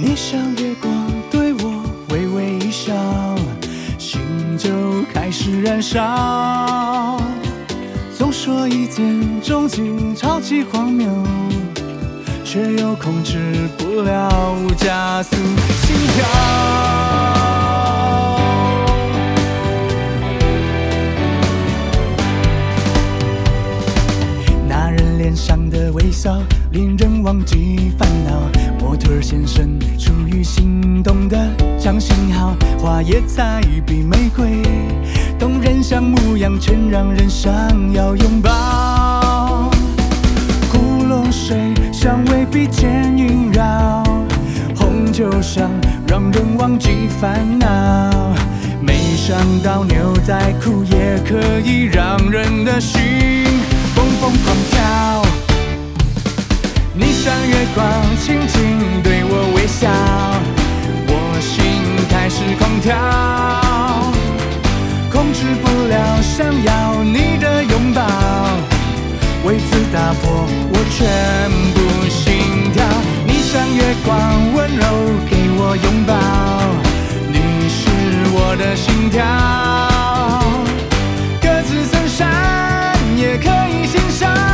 你像月光對我微微一笑，心就開始燃燒。總說一見鍾情超級荒謬，卻又控制不了加速心跳。那人臉上的微笑，令人忘記煩惱，模特兒先生。椰菜比玫瑰動人像，像牧羊犬讓人想要擁抱。古龍水香味鼻間縈繞，紅酒香讓人忘記煩惱。沒想到牛仔褲也可以讓人的心砰砰狂跳。你像月光，輕輕對我微笑。全部信條，你像月光溫柔給我擁抱，你是我的信條，格子襯衫也可以欣賞。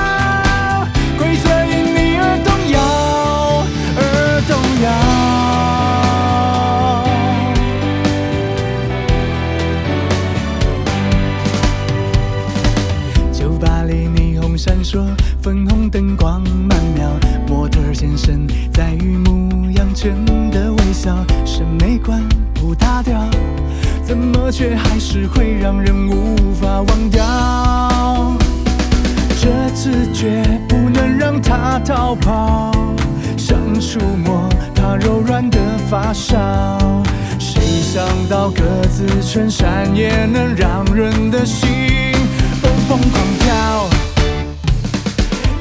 粉紅燈光曼妙，模特兒先生再遇牧羊犬的微笑，審美觀不搭調，怎麼卻還是會讓人無法忘掉？這次絕不能讓他逃跑，想觸摸他柔軟的髮梢，誰想到格子襯衫也能讓人的心砰砰狂。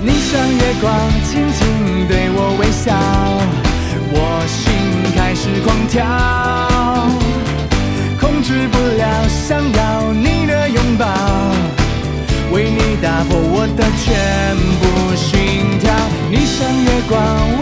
你像月光，輕輕對我微笑，我心開始狂跳，控制不了想要你的擁抱，為你打破我的全部信條。你像月光。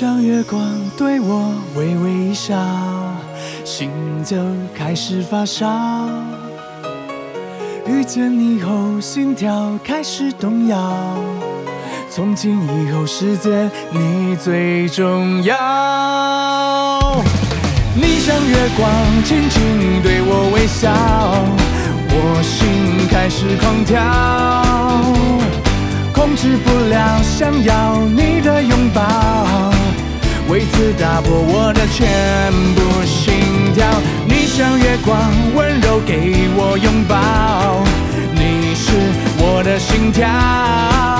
像月光對我微微一笑，心就開始發燒。遇見你後，信條開始動搖。從今以後，世界你最重要。你像月光輕輕對我微笑，我心開始狂跳。打破我的全部信條，你像月光溫柔給我擁抱，你是我的信條。